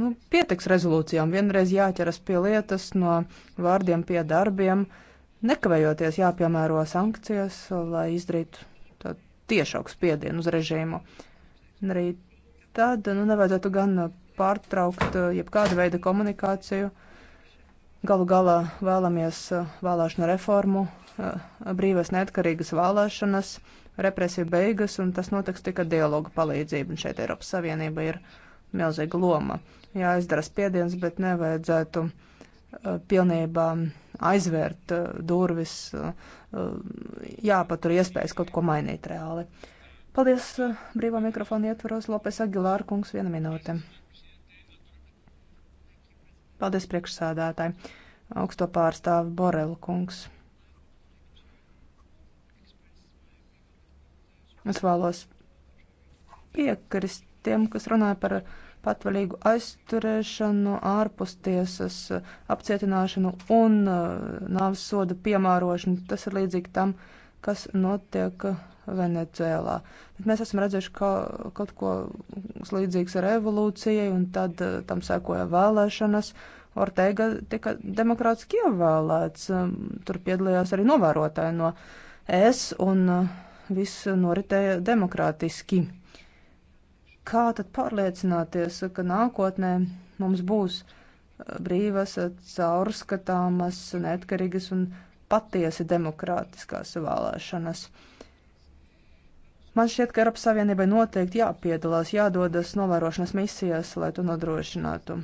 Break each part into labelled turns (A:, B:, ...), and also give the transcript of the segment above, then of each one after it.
A: Nu, pietiks rezolūcijām, vienreiz jāķeras pie lietas, no vārdiem pie darbiem, nekavējoties jāpiemēro sankcijas, lai izdarītu tiešāku spiedienu uz režīmu. Un arī tad nu, nevajadzētu gan pārtraukt eh, jebkādu veidu komunikāciju. Galu galā vēlamies eh, vēlēšanu reformu, eh, brīvas neatkarīgas vēlēšanas, represiju beigas, un tas notiks tikai dialogu palīdzību, un šeit Eiropas Savienība ir milzīga loma. Jāizdara spiediens, bet nevajadzētu uh, pilnībā aizvērt uh, durvis, uh, jāpatur iespējas kaut ko mainīt reāli. Paldies brīvā mikrofona ietvaros Lopes Agilāra kungs viena minūte. Paldies priekšsādātāji. Augsto pārstāvu Borelu kungs. Es vēlos piekrist tiem, kas runāja par uh, patvaļīgu aizturēšanu, ārpustiesas apcietināšanu un uh, nāves soda piemērošanu. Tas ir līdzīgi tam, kas notiek Venecijā. Bet mēs esam redzējuši ka, kaut ko līdzīgs revolūcijai, un tad uh, tam sekoja vēlēšanas. Ortega tika demokrātiski ievēlēts, um, tur piedalījās arī novērotāji no es, un uh, viss noritēja demokrātiski. Kā tad pārliecināties, ka nākotnē mums būs uh, brīvas, uh, caurskatāmas, neatkarīgas un patiesi demokrātiskās vēlēšanas? Man šķiet, ka Eiropas Savienībai noteikti jāpiedalās, jādodas novērošanas misijās, lai to nodrošinātu.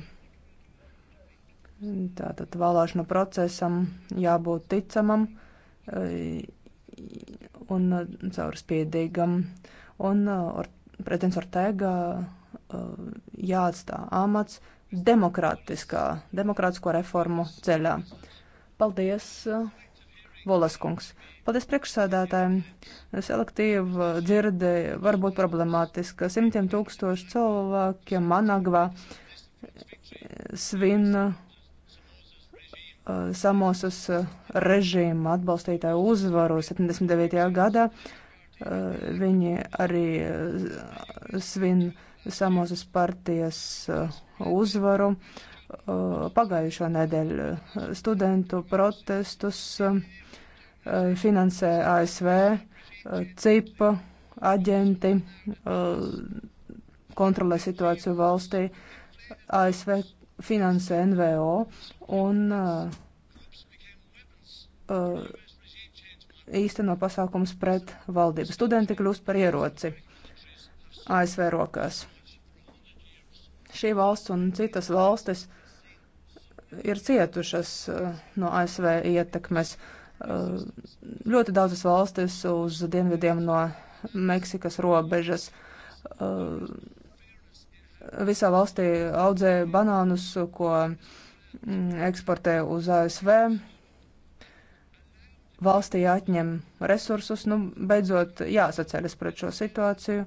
A: Tātad vēlēšanu procesam jābūt ticamam uh, un caurspiedīgam. Un, un pretens Ortega eh, jāatstā amats demokrātiskā, demokrātisko reformu ceļā. Paldies, eh, Volas kungs. Paldies priekšsādātājiem. Selektīva eh, dzirde var būt problemātiska. Simtiem tūkstoši cilvēkiem Managvā svin Samosas režīma atbalstītāju uzvaru 79. gadā. Eh, viņi arī eh, svin samosas partijas eh, uzvaru pagājušo nedēļu studentu protestus finansē ASV, CIPA aģenti, kontrolē situāciju valstī, ASV finansē NVO un uh, īsteno pasākums pret valdību. Studenti kļūst par ieroci ASV rokās. Šī valsts un citas valstis ir cietušas uh, no ASV ietekmes. Uh, ļoti daudzas valstis uz dienvidiem no Meksikas robežas. Uh, visā valstī audzē banānus, ko mm, eksportē uz ASV valstī atņem resursus, nu, beidzot jāsaceļas pret šo situāciju.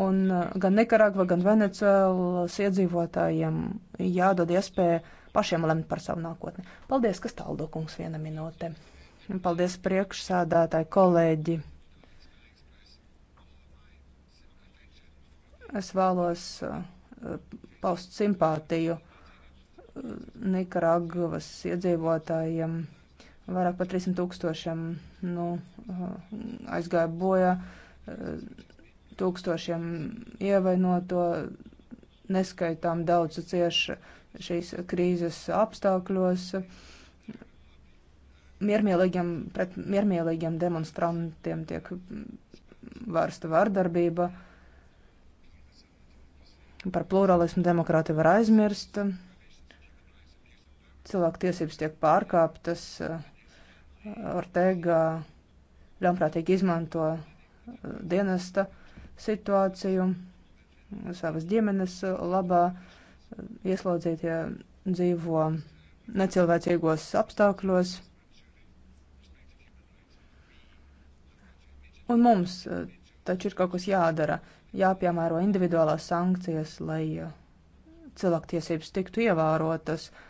A: Un uh, gan Nikaragva, gan Venecuēlas iedzīvotājiem jādod iespēja pašiem lemt par savu nākotni. Paldies, kas taldo kungs viena minūte. Paldies priekšsādātāji, kolēģi. Es vēlos uh, paust simpātiju uh, Nikaragvas iedzīvotājiem vairāk par 300 tūkstošiem nu, eh, aizgāja bojā, eh, tūkstošiem ievainoto, neskaitām daudz cieši šīs krīzes apstākļos. Miermīlīgiem, pret miermīlīgiem demonstrantiem tiek vērsta vārdarbība. Par pluralismu demokrāti var aizmirst. Cilvēku tiesības tiek pārkāptas. Uh, Ortega ļaunprātīgi izmanto uh, dienesta situāciju savas ģimenes uh, labā. Uh, ieslodzītie dzīvo necilvēcīgos apstākļos. Un mums taču ir kaut kas jādara, jāpiemēro individuālās sankcijas, lai cilvēktiesības tiktu ievērotas. Uh,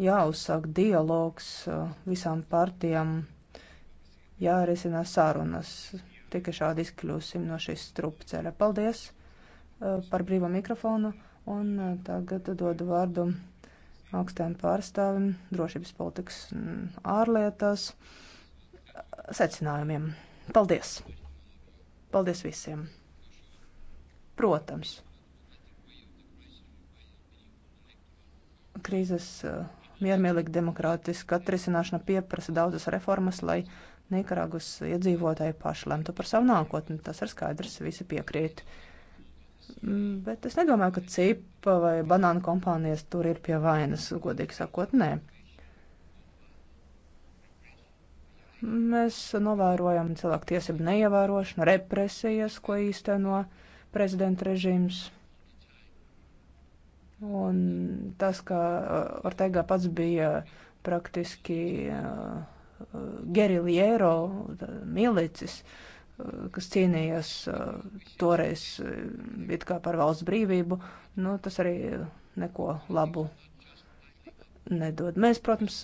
A: jāuzsāk dialogs uh, visām partijām, jārisina sarunas. Tikai šādi izkļūsim no šīs strupceļa. Paldies uh, par brīvo mikrofonu un uh, tagad dodu vārdu augstiem pārstāvim drošības politikas mm, ārlietās secinājumiem. Paldies! Paldies visiem! Protams, krīzes uh, miermīlīga demokrātiska atrisināšana pieprasa daudzas reformas, lai Nikaragus iedzīvotāji paši lemtu par savu nākotni. Tas ir skaidrs, visi piekrīt. Mm, bet es nedomāju, ka cipa vai banāna kompānijas tur ir pie vainas, godīgi sakot, nē. Mēs novērojam cilvēku tiesību neievērošanu, represijas, ko īsteno prezidenta režīms. Un tas, ka uh, Ortega pats bija uh, praktiski uh, uh geriliero milicis, uh, kas cīnījās uh, toreiz it kā par valsts brīvību, nu, tas arī neko labu nedod. Mēs, protams,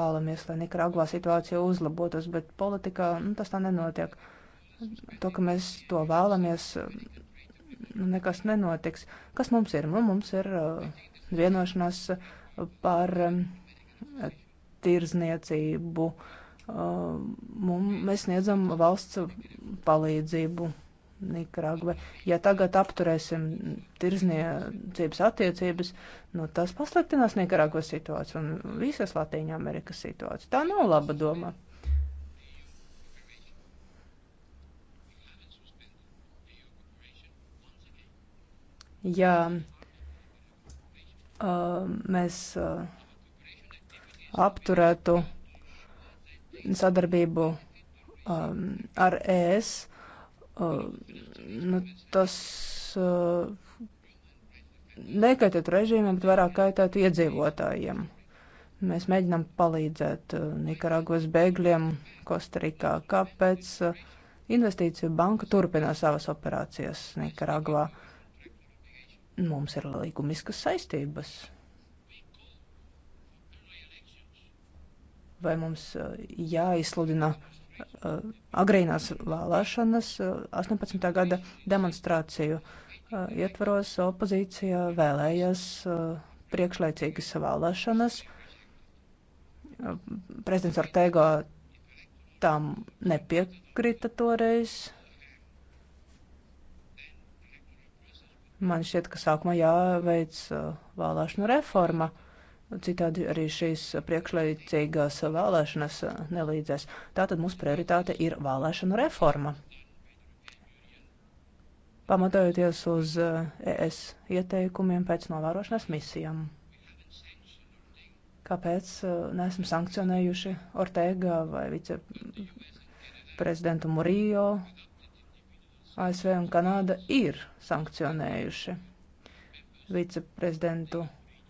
A: vēlamies, lai Nikaragvā situācija uzlabotos, bet politikā nu, tas tā nenotiek. To, ka mēs to vēlamies, Nu, nekas nenotiks. Kas mums ir? Nu, mums ir uh, vienošanās uh, par um, tirzniecību. Uh, mēs sniedzam valsts palīdzību Nikaragvai. Ja tagad apturēsim tirzniecības attiecības, nu, tas pasliktinās Nikaragvas situāciju un visas Latīņa Amerikas situāciju. Tā nav laba doma. ja uh, mēs uh, apturētu sadarbību um, ar ES, uh, nu, tas uh, nekaitētu režīmam, bet vairāk kaitētu iedzīvotājiem. Mēs mēģinām palīdzēt uh, Nikaragos bēgļiem Kostarikā. Kāpēc uh, investīciju banka turpina savas operācijas Nikaragvā? Uh, Mums ir līgumiskas saistības. Vai mums uh, jāizsludina uh, agrīnās vēlēšanas 18. Uh, gada demonstrāciju ietvaros opozīcija vēlējas priekšlaicīgas vēlēšanas. Prezidents Ortega tam nepiekrita toreiz. Man šķiet, ka sākumā jāveic uh, vēlēšanu reforma. Citādi arī šīs priekšlaicīgās vēlēšanas uh, nelīdzēs. Tātad mūsu prioritāte ir vēlēšanu reforma. Pamatojoties uz uh, ES ieteikumiem pēc novērošanas misijām. Kāpēc neesam sankcionējuši Ortega vai viceprezidentu Murillo ASV un Kanāda ir sankcionējuši viceprezidentu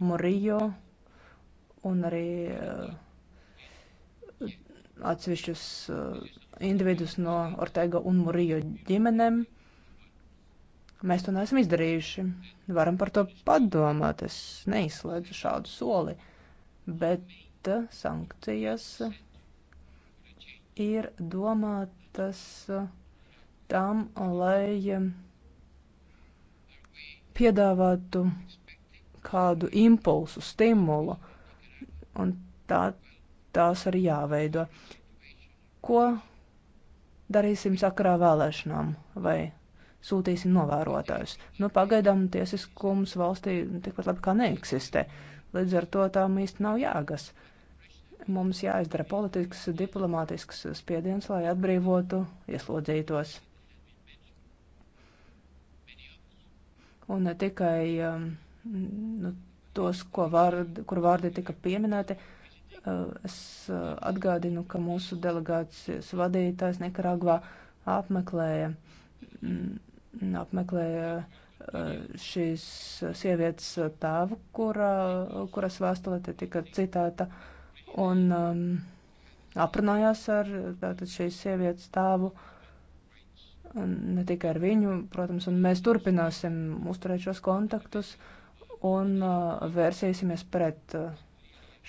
A: Morijo un arī uh, atsevišķus uh, individus no Ortega un Morijo ģimenēm. Mēs to neesam izdarījuši. Varam par to padomāt. Es neizslēdzu šādu soli, bet eh, sankcijas ir domātas. Uh, tam, lai eh, piedāvātu kādu impulsu, stimulu. Un tā, tās arī jāveido. Ko darīsim sakarā vēlēšanām vai sūtīsim novērotājus? Nu, pagaidām tiesiskums valstī tikpat labi kā neeksistē. Līdz ar to tām īsti nav jāgas. Mums jāizdara politisks, diplomātisks spiediens, lai atbrīvotu ieslodzītos. un tikai um, nu, tos, ko vārdi, kur vārdi tika pieminēti, uh, es uh, atgādinu, ka mūsu delegācijas vadītājs Nikaragvā apmeklēja, mm, apmeklēja uh, šīs sievietes tēvu, kura, kuras vēstulē te tika citēta, un um, aprunājās ar tātad šīs sievietes tēvu. Uh, ne tikai ar viņu, protams, un mēs turpināsim uzturēt šos kontaktus un uh, vērsīsimies pret uh,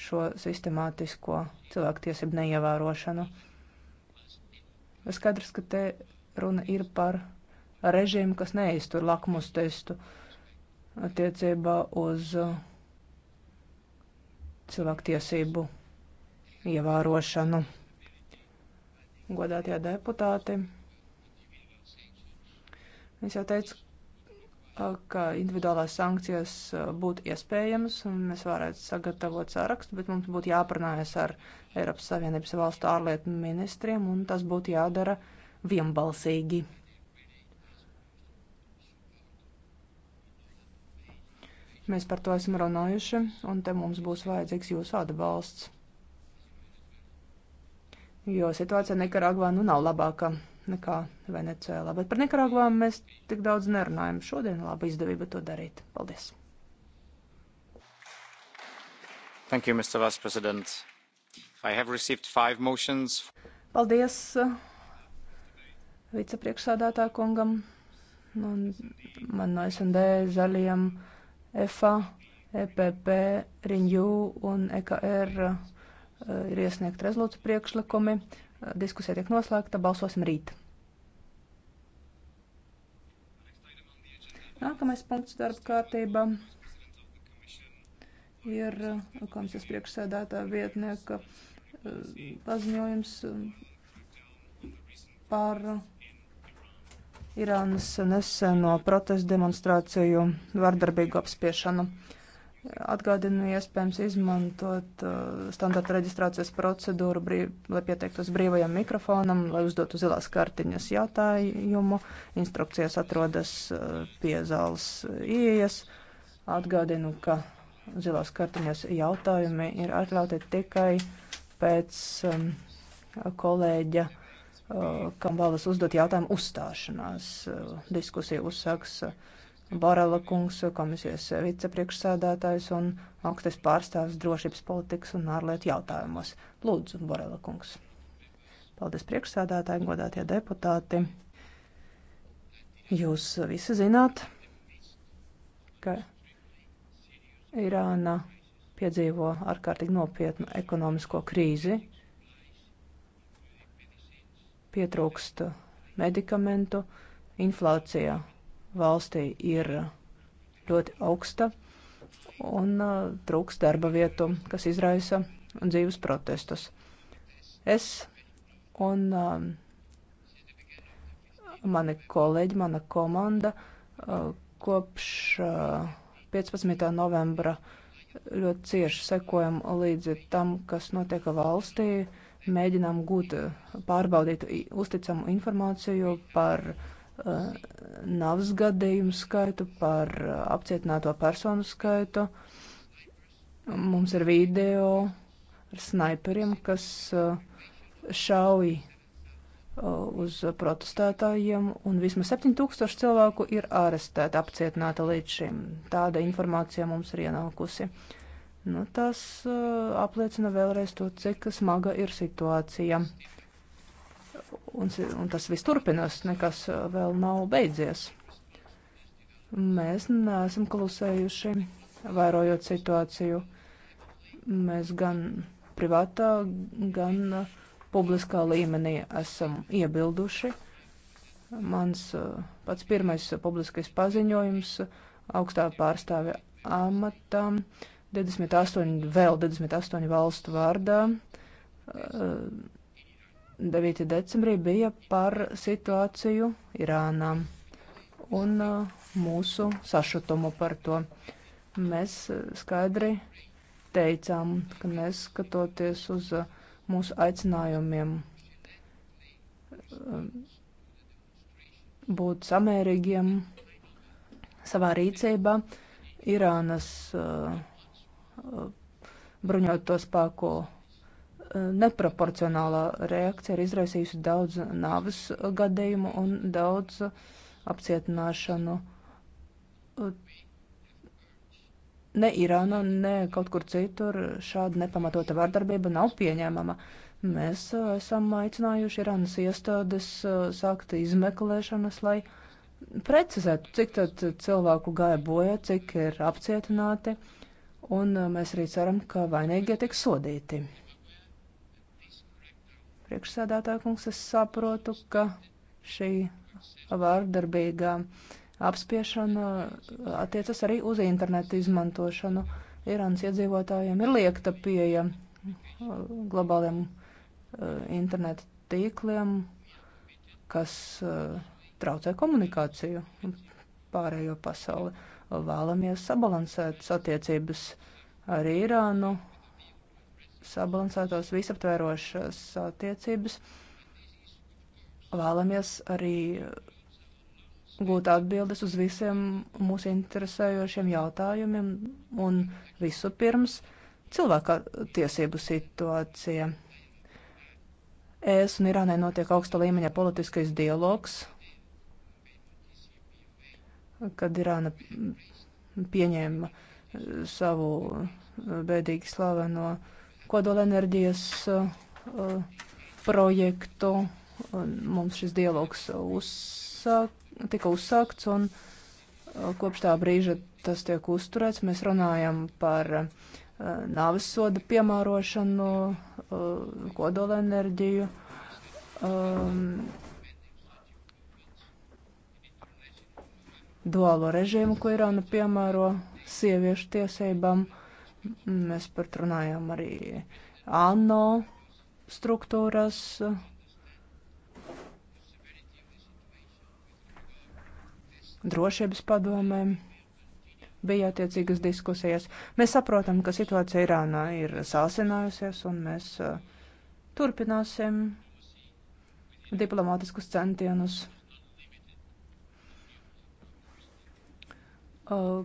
A: šo sistemātisko cilvēktiesību neievērošanu. Skaidrs, ka te runa ir par režīmu, kas neiztur lakmus testu attiecībā uz uh, cilvēktiesību ievērošanu. Godātie deputāti! Es jau teicu, ka individuālās sankcijas uh, būtu iespējamas, un mēs varētu sagatavot sarakstu, bet mums būtu jāprunājas ar Eiropas Savienības valstu ārlietu ministriem, un tas būtu jādara vienbalsīgi. Mēs par to esam runājuši, un te mums būs vajadzīgs jūsu atbalsts. Jo situācija Nikaragvā nu nav labāka nekā Venecijā. Bet par Nikaragvām mēs tik daudz nerunājam. Šodien laba izdevība to darīt. Paldies!
B: Thank you, Mr. Vice President. I have received five motions.
A: Paldies uh, vicepriekšsādātā kungam, man, man no SND, Zaļiem, EFA, EPP, Riņģū un EKR uh, ir iesniegt rezolūciju priekšlikumi. Diskusija tiek noslēgta, balsosim rīt. Nākamais punkts darba kārtībā ir komisijas priekšsēdētāja vietnieka eh, paziņojums eh, par Irānas neseno protestu demonstrāciju vardarbīgu apspiešanu. Atgādinu, iespējams izmantot uh, standarta reģistrācijas procedūru, brīv, lai pieteiktos brīvajam mikrofonam, lai uzdotu zilās kartiņas jautājumu. Instrukcijas atrodas uh, pie zāles ieejas. Atgādinu, ka zilās kartiņas jautājumi ir atļauti tikai pēc um, kolēģa, uh, kam vēlas uzdot jautājumu uzstāšanās. Uh, diskusija uzsāks. Uh, Borela kungs, komisijas vicepriekšsēdētājs un augstais pārstāvs drošības politikas un ārlietu jautājumos. Lūdzu, Borela kungs. Paldies priekšsēdētāji, godātie deputāti. Jūs visi zināt, ka Irāna piedzīvo ārkārtīgi nopietnu ekonomisko krīzi, pietrūkst medikamentu, inflācija valstī ir uh, ļoti augsta un uh, trūks darba vietu, kas izraisa dzīves protestus. Es un uh, mani kolēģi, mana komanda uh, kopš uh, 15. novembra ļoti cieši sekojam līdzi tam, kas notiek valstī, mēģinām gūt uh, pārbaudīt uzticamu informāciju par uh, Uh, navas gadījumu skaitu, par uh, apcietināto personu skaitu. Mums ir video ar snaiperiem, kas uh, šauj uz protestētājiem, un vismaz 7000 cilvēku ir arestēti, apcietināti līdz šim. Tāda informācija mums ir ienākusi. Nu, tas uh, apliecina vēlreiz to, cik smaga ir situācija. Uh, un, un tas viss turpinās, nekas uh, vēl nav beidzies. Mēs neesam klusējuši, vērojot situāciju. Mēs gan privātā, gan uh, publiskā līmenī esam iebilduši. Mans uh, pats pirmais publiskais paziņojums augstā pārstāvja amatam 28, vēl 28 valstu vārdā 9. decembrī bija par situāciju Irānā un uh, mūsu sašutumu par to. Mēs uh, skaidri teicām, ka neskatoties uz uh, mūsu aicinājumiem būt samērīgiem savā rīcībā, Irānas bruņoto spēku neproporcionālā reakcija ir izraisījusi daudz nāvis gadījumu un daudz apcietināšanu. Ne Irānā, ne kaut kur citur šāda nepamatota vardarbība nav pieņēmama. Mēs uh, esam aicinājuši Irānas iestādes uh, sākt izmeklēšanas, lai precizētu, cik tad cilvēku gāja bojā, cik ir apcietināti, un uh, mēs arī ceram, ka vainīgie tiks sodīti. Priekšsēdētāja kungs, es saprotu, ka šī vārdarbīgā apspiešana attiecas arī uz internetu izmantošanu. Irānas iedzīvotājiem ir liekta pieeja uh, globāliem uh, internetu tīkliem, kas uh, traucē komunikāciju pārējo pasauli. Vēlamies sabalansēt satiecības ar Irānu, sabalansētos, visaptvērošas attiecības. Vēlamies arī gūt atbildes uz visiem mūsu interesējošiem jautājumiem un visu pirms cilvēka tiesību situācija. Es un Irānai notiek augsta līmeņa politiskais dialogs, kad Irāna pieņēma savu bēdīgi slaveno no kodolenerģijas uh, projektu. Mums šis dialogs uzsāk, tika uzsākts un uh, kopš tā brīža tas tiek uzturēts. Mēs runājam par uh, nāves soda piemērošanu, kodolenerģiju. Um, duālo režīmu, ko Irāna piemēro sieviešu tiesībām. Uh, Mēs par to runājām arī ANO struktūras. Drošības padomēm bija attiecīgas diskusijas. Mēs saprotam, ka situācija Irānā ir sāsinājusies, un mēs uh, turpināsim diplomātiskus centienus. Uh,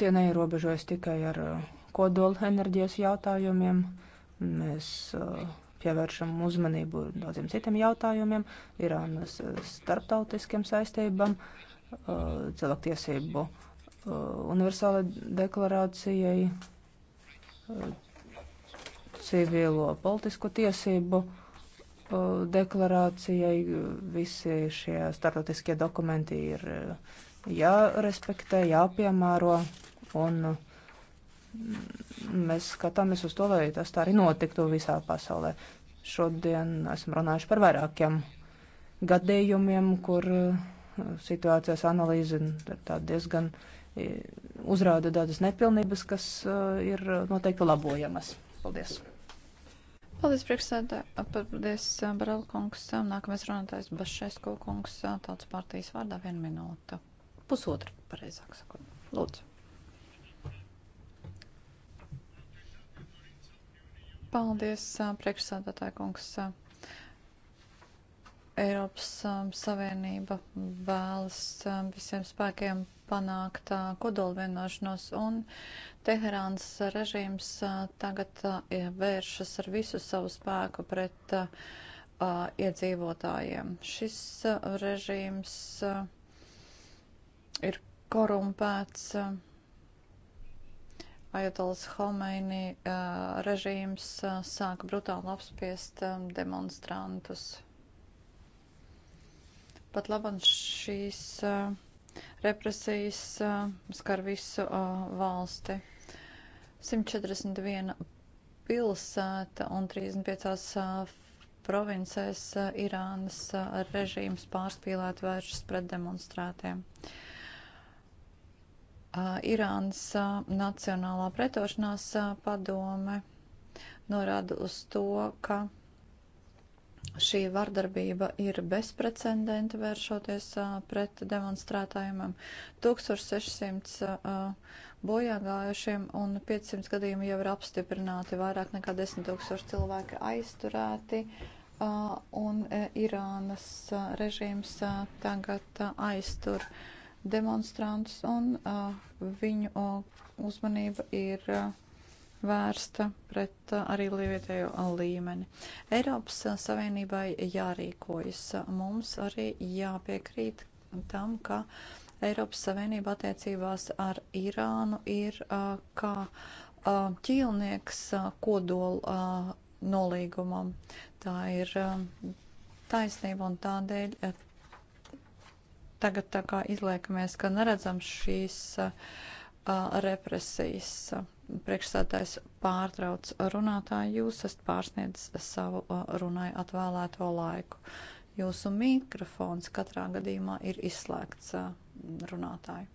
A: tie neierobežojas tikai ar uh, kodola enerģijas jautājumiem. Mēs uh, pievēršam uzmanību daudziem citiem jautājumiem, Irānas uh, starptautiskiem saistībām, uh, cilvēktiesību universālai deklarācijai, civilo politisko tiesību deklarācijai. Visi šie starptautiskie dokumenti ir jārespektē, jāpiemēro un mēs skatāmies uz to, lai tas tā arī notiktu visā pasaulē. Šodien esam runājuši par vairākiem gadījumiem, kur uh, situācijas analīze diezgan uzrāda tādas nepilnības, kas uh, ir noteikti labojamas. Paldies!
C: Paldies, priekšsēdētāji! Paldies, uh, Barela kungs! Nākamais runātājs Bašesko kungs, tautas partijas vārdā viena minūte. Pusotra, pareizāk sakot. Lūdzu! Paldies, priekšsādātāja kungs. Eiropas Savienība vēlas visiem spēkiem panākt kodolvienošanos, un Teherāns režīms tagad vēršas ar visu savu spēku pret iedzīvotājiem. Šis režīms ir korumpēts Ajatolas Homeini uh, režīms uh, sāka brutāli apspiest um, demonstrantus. Pat labam šīs uh, represijas uh, skar visu uh, valsti. 141 pilsēta un 35 uh, provincēs uh, Irānas uh, režīms pārspīlēt vēršas pret demonstrātiem. Uh, Irānas Nacionālā pretošanās padome norāda uz to, ka šī vardarbība ir bezprecedenta vēršoties pret demonstrētājiem. 1600 bojāgājušiem un 500 gadījumi jau ir apstiprināti, vairāk nekā 10 tūkstoši cilvēki aizturēti. Un Irānas režīms tagad aiztur uh, demonstrantus, un uh, viņu uh, uzmanība ir uh, vērsta pret uh, arī lievietējo uh, līmeni. Eiropas uh, Savienībai jārīkojas. Mums arī jāpiekrīt tam, ka Eiropas Savienība attiecībās ar Irānu ir uh, kā uh, ķīlnieks uh, kodola uh, nolīgumam. Tā ir uh, taisnība un tādēļ. Uh, tagad tā kā izliekamies, ka neredzam šīs uh, represijas. Priekšsētājs pārtrauc runātāju, jūs esat pārsniedzis savu uh, runai atvēlēto laiku. Jūsu mikrofons katrā gadījumā ir izslēgts uh, runātāju.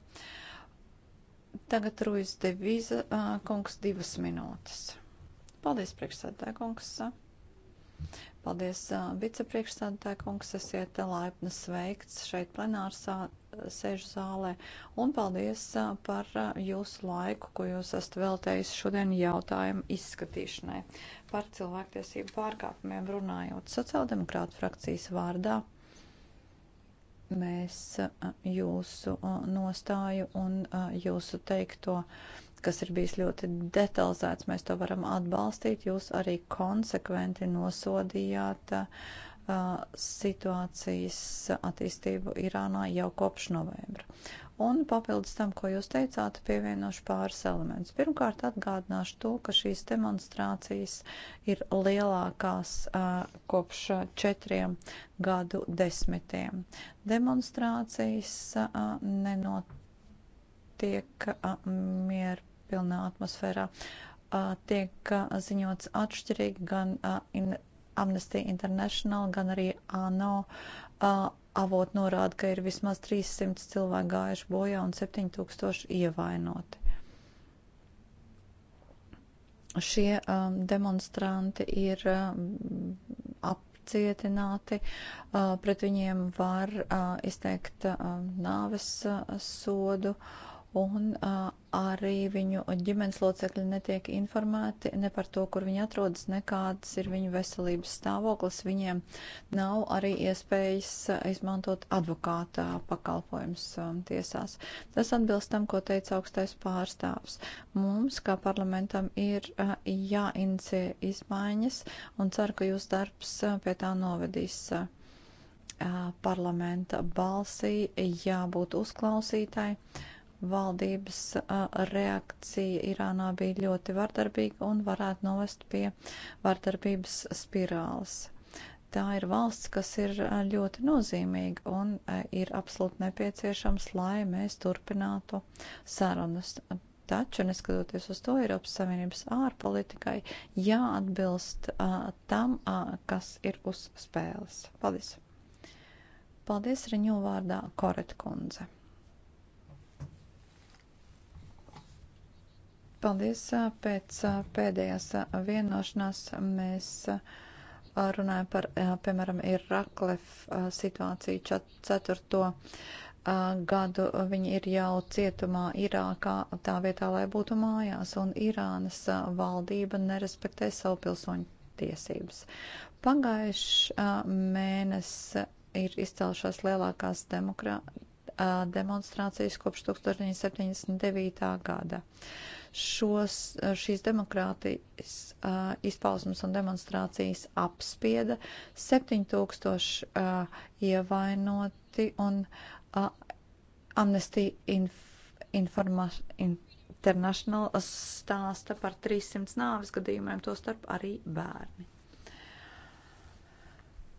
C: Tagad Ruiz Devīza kungs divas minūtes. Paldies, priekšsēdētāj kungs. Paldies, vicepriekšsādātāja kungs, esiet laipni sveikts šeit plenāru sēžu zālē. Un paldies par jūsu laiku, ko jūs esat veltējis šodien jautājumu izskatīšanai par cilvēktiesību pārkāpumiem runājot sociāldemokrātu frakcijas vārdā. Mēs jūsu nostāju un jūsu teikto kas ir bijis ļoti detalizēts. Mēs to varam atbalstīt. Jūs arī konsekventi nosodījāt uh, situācijas attīstību Irānā jau kopš novembra. Un papildus tam, ko jūs teicāt, pievienošu pāris elementus. Pirmkārt, atgādināšu to, ka šīs demonstrācijas ir lielākās uh, kopš četriem gadu desmitiem. Demonstrācijas uh, nenotiek tiek uh, mieru pilnā atmosfērā tiek ziņots atšķirīgi gan Amnesty International, gan arī ANO avot norāda, ka ir vismaz 300 cilvēki gājuši bojā un 7000 ievainoti. Šie um, demonstranti ir um, apcietināti, uh, pret viņiem var uh, izteikt uh, nāves uh, sodu. Uh, un uh, arī viņu ģimenes locekļi netiek informēti ne par to, kur viņi atrodas, ne kāds ir viņu veselības stāvoklis. Viņiem nav arī iespējas izmantot advokāta pakalpojums tiesās. Tas atbilst tam, ko teica augstais pārstāvs. Mums, kā parlamentam, ir jāinicie izmaiņas un ceru, ka jūs darbs pie tā novedīs parlamenta balsī jābūt uzklausītāji valdības reakcija Irānā bija ļoti vardarbīga un varētu novest pie vardarbības spirāles. Tā ir valsts, kas ir ļoti nozīmīga un ir absolūti nepieciešams, lai mēs turpinātu sarunas. Taču, neskatoties uz to, Eiropas Savienības ārpolitikai jāatbilst uh, tam, uh, kas ir uz spēles. Paldies! Paldies Riņu vārdā Koretkundze! Paldies. Pēc pēdējās vienošanās mēs runājam par, piemēram, Iraklef situāciju ceturto gadu viņi ir jau cietumā Irākā, tā vietā, lai būtu mājās, un Irānas valdība nerespektē savu pilsoņu tiesības. Pagājuši mēnesi ir izcelšās lielākās demokrātijas demonstrācijas kopš 1979. gada. Šos, šīs demokrātijas izpausmes un demonstrācijas apspieda 7000 ievainoti un Amnesty Inf Informa International stāsta par 300 nāves gadījumiem, to starp arī bērni.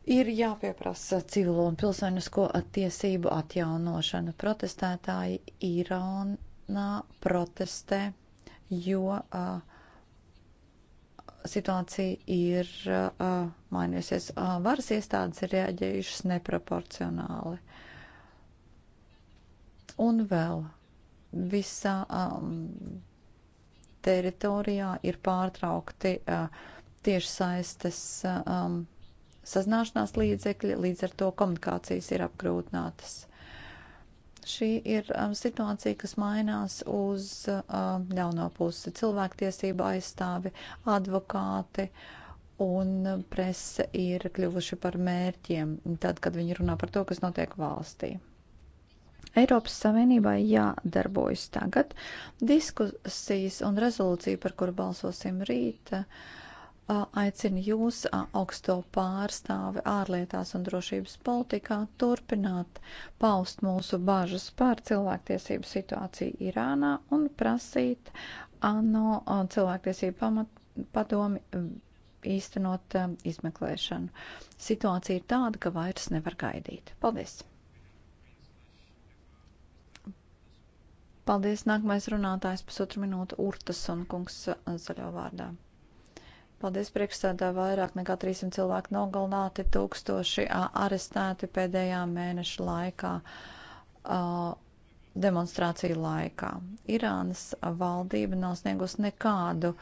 C: Ir jāpieprasa civilo un pilsonisko tiesību atjaunošana. Protestētāji Irānā protestē, jo uh, situācija ir uh, mainījusies. Uh, varas iestādes ir reaģējušas neproporcionāli. Un vēl visā um, teritorijā ir pārtraukti uh, tiešsaistes um, sazināšanās līdzekļi, līdz ar to komunikācijas ir apgrūtinātas. Šī ir um, situācija, kas mainās uz um, ļauno pusi - cilvēktiesība aizstāvi, advokāti un prese ir kļuvuši par mērķiem, tad, kad viņi runā par to, kas notiek valstī. Eiropas Savienībai jādarbojas tagad. Diskusijas un rezolūcija, par kuru balsosim rīt, uh, aicinu jūs, augsto pārstāvi ārlietās un drošības politikā, turpināt paust mūsu bažas par cilvēktiesību situāciju Irānā un prasīt ANO cilvēktiesību pamat, padomi īstenot izmeklēšanu. Situācija ir tāda, ka vairs nevar gaidīt. Paldies! Paldies, nākamais runātājs pusotru minūtu Urtas un kungs zaļo vārdā. Paldies, priekšstādā vairāk nekā 300 cilvēki nogalināti, tūkstoši arestēti pēdējā mēneša laikā, demonstrāciju laikā. Irānas valdība nav sniegusi nekādu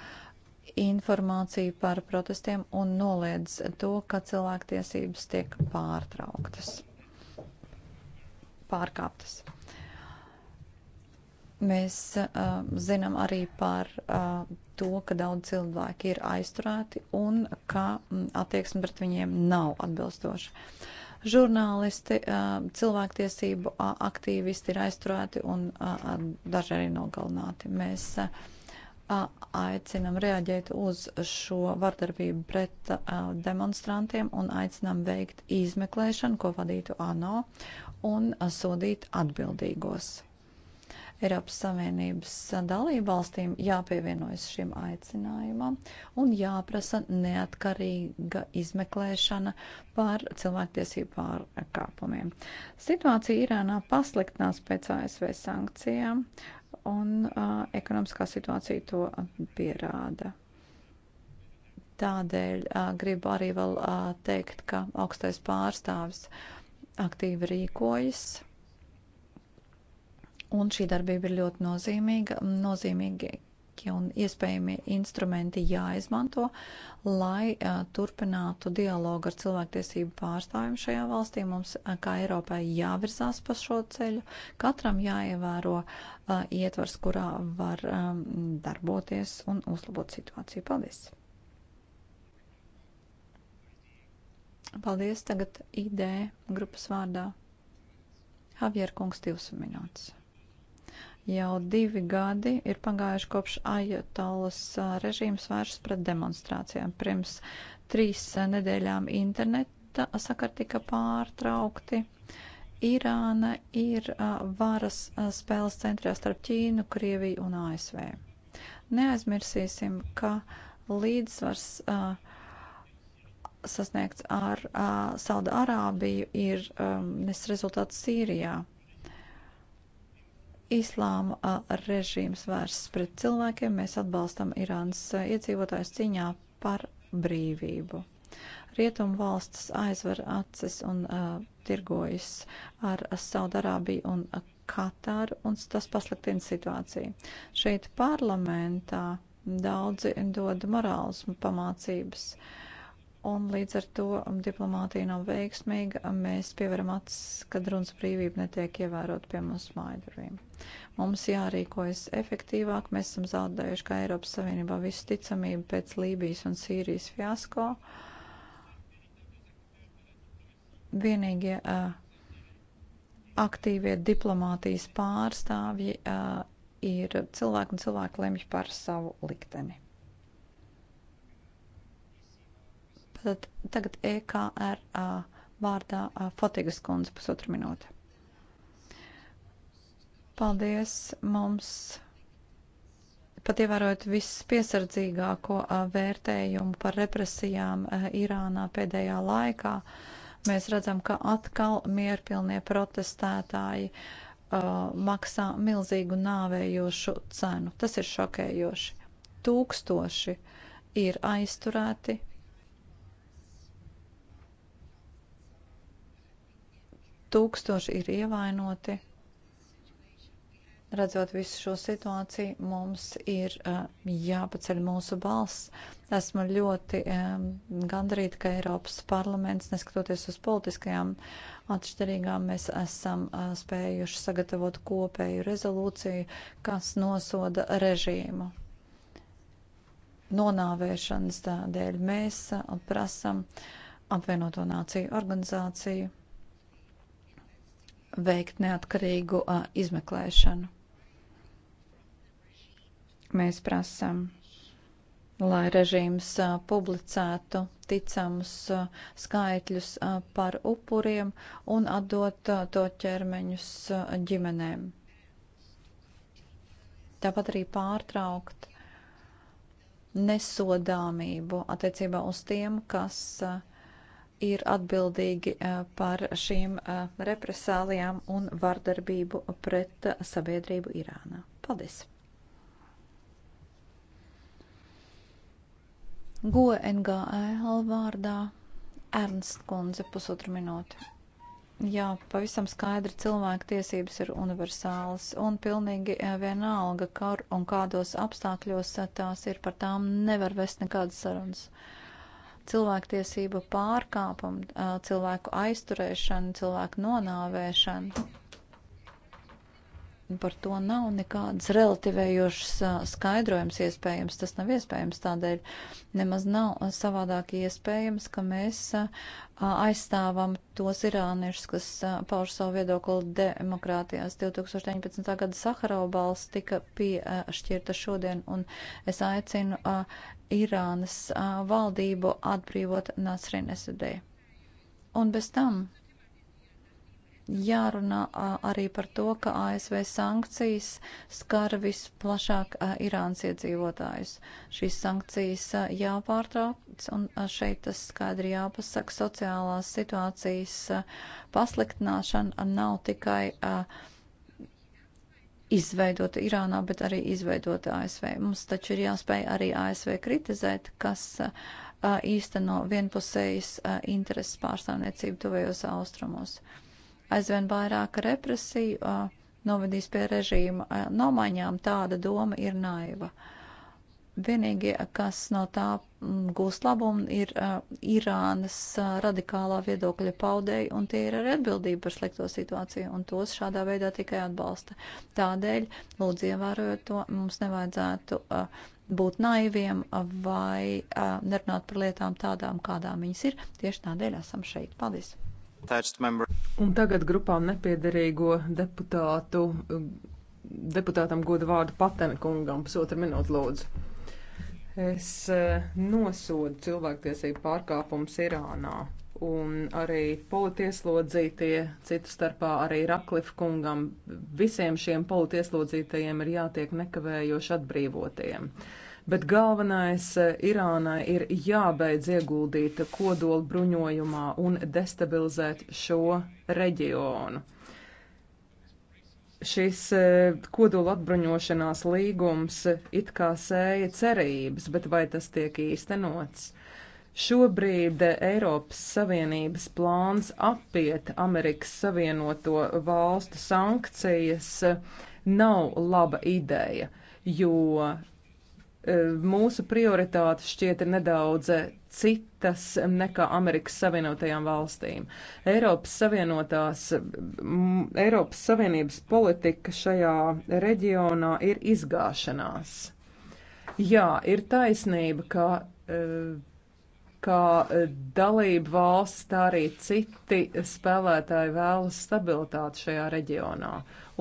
C: informāciju par protestiem un noliedz to, ka cilvēktiesības tiek pārtrauktas, pārkāptas. Mēs uh, zinām arī par uh, to, ka daudz cilvēki ir aizturēti un ka mm, attieksme pret viņiem nav atbilstoša. Žurnālisti, cilvēktiesību aktīvisti ir aizturēti un daži arī nogalināti. Mēs aicinam reaģēt uz šo vardarbību pret demonstrantiem un aicinam veikt izmeklēšanu, ko vadītu ANO, un sodīt atbildīgos. Eiropas Savienības dalībvalstīm jāpievienojas šim aicinājumam un jāprasa neatkarīga izmeklēšana par cilvēktiesību pārkāpumiem. Situācija Irānā pasliktinās pēc ASV sankcijām un uh, ekonomiskā situācija to pierāda. Tādēļ uh, gribu arī vēl uh, teikt, ka augstais pārstāvis aktīvi rīkojas Un šī darbība ir ļoti nozīmīga, nozīmīgi un iespējami instrumenti jāizmanto, lai uh, turpinātu dialogu ar cilvēktiesību pārstāvjiem šajā valstī. Mums, uh, kā Eiropai, jāvirzās pa šo ceļu, katram jāievēro uh, ietvars, kurā var um, darboties un uzlabot situāciju. Paldies! Paldies tagad ID grupas vārdā. Javier Kungs, divas minūtes. Jau divi gadi ir pagājuši kopš Ajatolas režīms vērsts pret demonstrācijām. Pirms trīs nedēļām interneta sakar tika pārtraukti. Irāna ir varas spēles centrā starp Ķīnu, Krieviju un ASV. Neaizmirsīsim, ka līdzsvars uh, sasniegts ar uh, Sauda Arābiju ir um, nes rezultāts Sīrijā islāma režīms vērsts pret cilvēkiem, mēs atbalstam Irānas iedzīvotājus cīņā par brīvību. Rietumu valstis aizver acis un uh, tirgojas ar Saudarābiju un Katāru, un tas pasliktina situāciju. Šeit parlamentā daudzi dod morāls pamācības. Uh, Un līdz ar to um, diplomātija nav veiksmīga. Um, mēs pievaram acis, kad runas brīvība netiek ievērot pie mūsu mājdurvīm. Mums jārīkojas efektīvāk. Mēs esam zaudējuši kā Eiropas Savienībā visu ticamību pēc Lībijas un Sīrijas fiasko. Vienīgie uh, aktīvie diplomātijas pārstāvji uh, ir cilvēki un cilvēki lemj par savu likteni. Tātad tagad EKR vārdā Fotigas kundze pusotru minūti. Paldies mums. Pat ievērojot vispiesardzīgāko vērtējumu par represijām Irānā pēdējā laikā, mēs redzam, ka atkal mierpilnie protestētāji uh, maksā milzīgu nāvējošu cenu. Tas ir šokējoši. Tūkstoši ir aizturēti, tūkstoši ir ievainoti. Redzot visu šo situāciju, mums ir uh, jāpaceļ mūsu balss. Esmu ļoti um, eh, gandrīta, ka Eiropas parlaments, neskatoties uz politiskajām atšķirīgām, mēs esam uh, spējuši sagatavot kopēju rezolūciju, kas nosoda režīmu. Nonāvēšanas dēļ mēs uh, prasam apvienoto nāciju organizāciju veikt neatkarīgu uh, izmeklēšanu. Mēs prasam, lai režīms uh, publicētu ticamus uh, skaitļus uh, par upuriem un atdot uh, to ķermeņus uh, ģimenēm. Tāpat arī pārtraukt nesodāmību attiecībā uz tiem, kas uh, ir atbildīgi par šīm represālijām un vardarbību pret sabiedrību Irānā. Paldies! GNGL vārdā Ernst Kunze pusotru minūti. Jā, pavisam skaidri cilvēku tiesības ir universālas un pilnīgi vienalga, kar un kādos apstākļos tās ir par tām nevar vest nekādas sarunas. Uh, cilvēktiesību pārkāpumu, cilvēku aizturēšanu, cilvēku nonāvēšanu. Par to nav nekādas relativējošas skaidrojums iespējams. Tas nav iespējams tādēļ. Nemaz nav savādāk iespējams, ka mēs aizstāvam tos irāniešus, kas pauž savu viedokli demokrātijās. 2019. gada Saharau balss tika piešķirta šodien, un es aicinu Irānas valdību atbrīvot Nasrin Esudē. Un bez tam jārunā arī par to, ka ASV sankcijas skara visplašāk Irānas iedzīvotājus. Šīs sankcijas jāpārtrauc, un šeit tas skaidri jāpasaka, sociālās situācijas pasliktināšana nav tikai uh, izveidota Irānā, bet arī izveidota ASV. Mums taču ir jāspēj arī ASV kritizēt, kas īsteno vienpusējas intereses pārstāvniecību tuvējos austrumos. Aizvien vairāk represiju novedīs pie režīma nomaiņām, tāda doma ir naiva. Uh, vienīgie, kas no tā mm, gūst labumu, ir uh, Irānas uh, radikālā viedokļa paudēji, un tie ir arī atbildība par slikto situāciju, un tos šādā veidā tikai atbalsta. Tādēļ, lūdzu, ievērojot to, mums nevajadzētu uh, būt naiviem vai uh, nerunāt par lietām tādām, kādām viņas ir. Tieši tādēļ
D: esam šeit. Paldies!
B: Un
D: tagad grupām nepiederīgo deputātu deputātam goda vārdu Patena kungam. Pusotru minūtu lūdzu. Es eh, nosodu cilvēktiesību pārkāpumus Irānā. Un arī politieslodzītie, citu starpā arī Raklifa kungam, visiem šiem politieslodzītajiem ir jātiek nekavējoši atbrīvotiem. Bet galvenais eh, Irānai ir jābeidz ieguldīt kodolu bruņojumā un destabilizēt šo reģionu šis e, kodola atbruņošanās līgums it kā sēja cerības, bet vai tas tiek īstenots? Šobrīd Eiropas Savienības plāns apiet Amerikas Savienoto valstu sankcijas nav laba ideja, jo e, mūsu prioritāte šķiet ir nedaudz citas nekā Amerikas Savienotajām valstīm. Eiropas, Eiropas Savienības politika šajā reģionā ir izgāšanās. Jā, ir taisnība, ka. Uh, e, kā dalība valsts, tā arī citi spēlētāji vēlas stabilitāti šajā reģionā.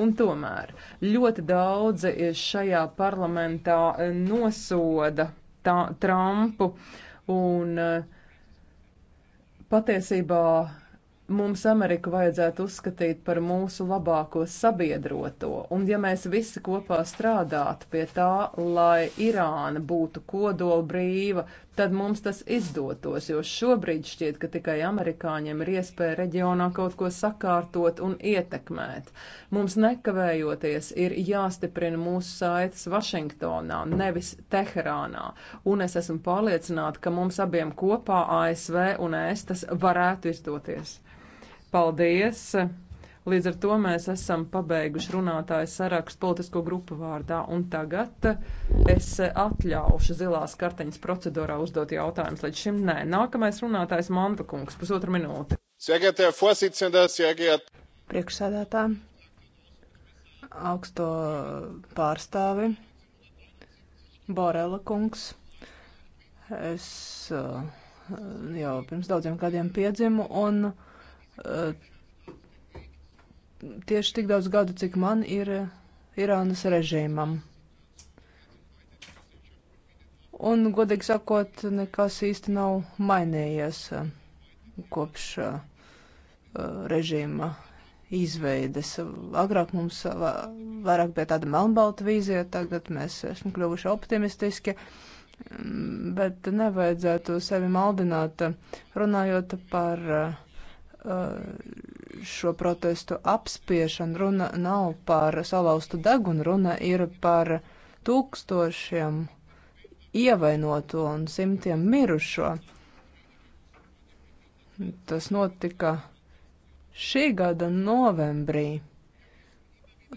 D: Un tomēr ļoti daudzi šajā parlamentā nosoda tā, Trumpu. Uh, Un eh, patiesībā mums Ameriku vajadzētu uzskatīt par mūsu labāko sabiedroto. Un ja mēs visi kopā strādātu pie tā, lai Irāna būtu kodolbrīva, tad mums tas izdotos, jo šobrīd šķiet, ka tikai amerikāņiem ir iespēja reģionā kaut ko sakārtot un ietekmēt. Mums nekavējoties ir jāstiprina mūsu saites Vašingtonā, nevis Teherānā, un es esmu pārliecināta, ka mums abiem kopā ASV un ES tas varētu izdoties. Paldies! Līdz ar to mēs esam pabeiguši runātāju sarakstu politisko grupu vārdā. Un tagad es atļaušu zilās karteņas procedūrā uzdot jautājumus. Līdz šim nē. Nākamais runātājs Manta kungs, pusotra minūte. Priekšsēdētā,
A: augsto pārstāvi, Borela kungs. Es uh, jau pirms daudziem gadiem piedzimu un uh, tieši tik daudz gadu, cik man ir eh, Irānas režīmam. Un, godīgi sakot, nekas īsti nav mainījies eh, kopš uh, režīma izveides. Agrāk mums vairāk bija tāda melnbalta vīzija, tagad mēs esam kļuvuši optimistiski, mm, bet nevajadzētu sevi maldināt, runājot par uh, Uh, šo protestu apspiešanu. Runa nav par salauztu degunu, runa ir par tūkstošiem ievainoto un simtiem mirušo. Tas notika šī gada novembrī.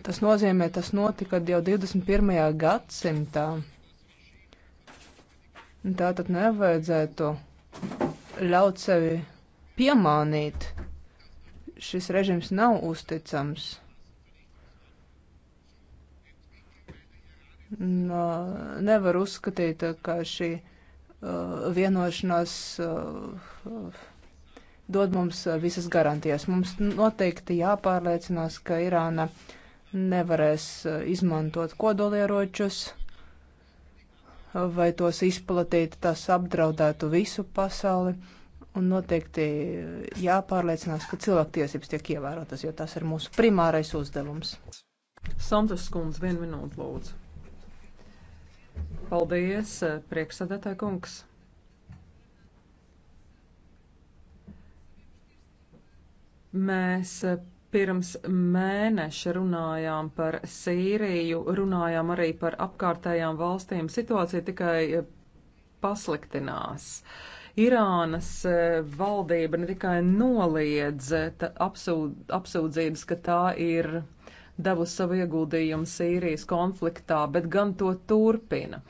A: Tas nozīmē, tas notika jau 21. gadsimtā. Tā tad nevajadzētu ļaut sevi piemānīt. Šis režims nav uzticams. No, nevar uzskatīt, ka šī uh, vienošanās uh, dod mums uh, visas garantijas. Mums noteikti jāpārliecinās, ka Irāna nevarēs uh, izmantot kodolieročus vai tos izplatīt, tas apdraudētu visu pasauli. Uh, Un noteikti eh, jāpārliecinās, ka cilvēktiesības tiek ievērotas, jo tas ir mūsu primārais uzdevums.
D: Santas skundze, vienu minūtu lūdzu. Paldies, eh, priekšsēdētāj kungs. Mēs eh, pirms mēneša runājām par Sīriju, runājām arī par apkārtējām valstīm. Situācija tikai pasliktinās. Uh, Irānas e, valdība ne tikai noliedz e, apsūd, apsūdzības, ka tā ir devusi savu ieguldījumu Sīrijas konfliktā, bet gan to turpina.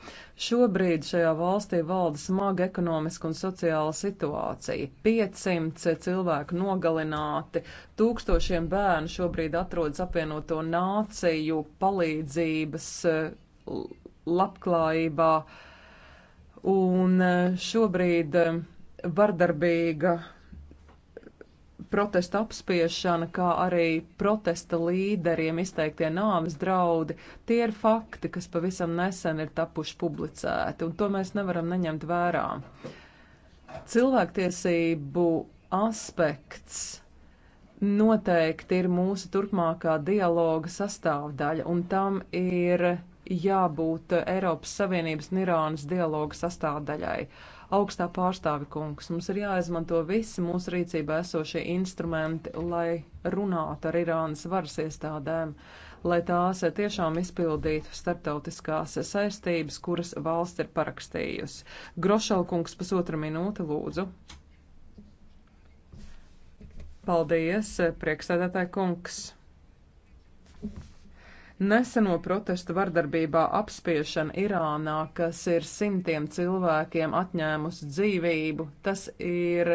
D: Šobrīd šajā valstī valda smaga ekonomiska un sociāla situācija. 500 e, cilvēku nogalināti, tūkstošiem bērnu šobrīd atrodas apvienoto nāciju palīdzības labklājībā. Uh, Un e, šobrīd e, vardarbīga protesta apspiešana, kā arī protesta līderiem izteiktie nāves draudi, tie ir fakti, kas pavisam nesen ir tapuši publicēti, un to mēs nevaram neņemt vērā. Cilvēktiesību aspekts noteikti ir mūsu turpmākā dialoga sastāvdaļa, un tam ir jābūt Eiropas Savienības un Irānas dialoga sastāvdaļai. Augstā pārstāve kungs, mums ir jāizmanto visi mūsu rīcībā esošie instrumenti, lai runātu ar Irānas varas iestādēm, lai tās tiešām izpildītu starptautiskās saistības, kuras valsts ir parakstījusi. Grošalkungs, pusotra minūte, lūdzu. Paldies, priekšsēdētāji kungs! Neseno protestu vardarbībā apspiešana Irānā, kas ir simtiem cilvēkiem atņēmusi dzīvību, tas ir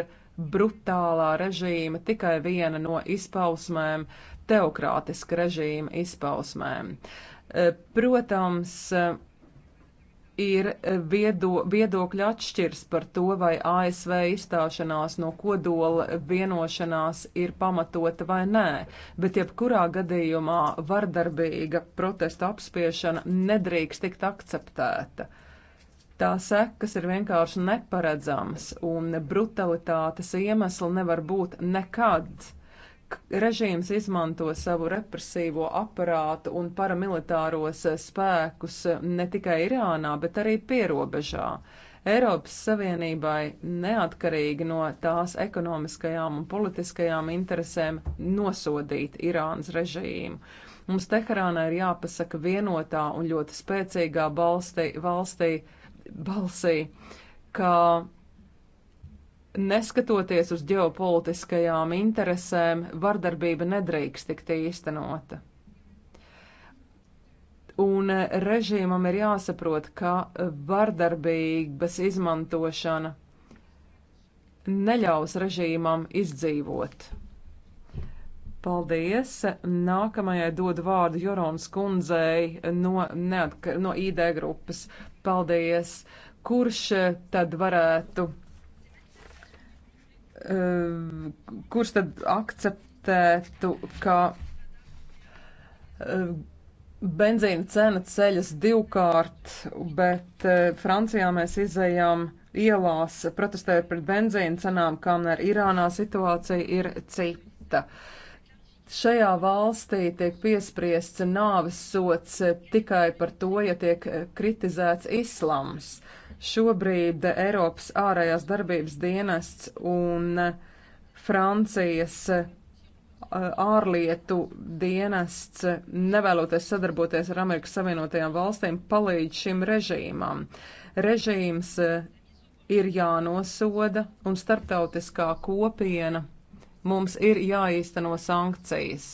D: brutālā režīma tikai viena no izpausmēm, teokrātiska režīma izpausmēm. Eh, protams, eh, ir eh, viedo, viedokļi atšķirs par to, vai ASV izstāšanās no kodola vienošanās ir pamatota vai nē, bet jebkurā gadījumā vardarbīga protesta apspiešana nedrīkst tikt akceptēta. Tā sekas ir vienkārši neparedzams, un brutalitātes iemesli nevar būt nekad režīms izmanto savu represīvo aparātu un paramilitāros spēkus ne tikai Irānā, bet arī pierobežā. Eiropas Savienībai neatkarīgi no tās ekonomiskajām un politiskajām interesēm nosodīt Irānas režīmu. Mums Teherānai ir jāpasaka vienotā un ļoti spēcīgā balstī, valstī, balsī, ka neskatoties uz ģeopolitiskajām interesēm, vardarbība nedrīkst tikt īstenota. Un eh, režīmam ir jāsaprot, ka eh, vardarbības izmantošana neļaus režīmam izdzīvot. Paldies! Nākamajai dodu vārdu Jorons kundzei no, neatka, no ID grupas. Paldies! Kurš eh, tad varētu Eh, kurš tad akceptētu, ka eh, benzīna cena ceļas divkārt, bet eh, Francijā mēs izējām ielās protestēt pret benzīna cenām, kamēr Irānā situācija ir cita. Šajā valstī tiek piespriests nāves sots tikai par to, ja tiek kritizēts islams. Uh, Šobrīd Eiropas ārējās darbības dienests un Francijas ārlietu dienests, nevēloties sadarboties ar Amerikas Savienotajām valstīm, palīdz šim režīmam. Režīms ir jānosoda un starptautiskā kopiena. Mums ir jāīsteno sankcijas,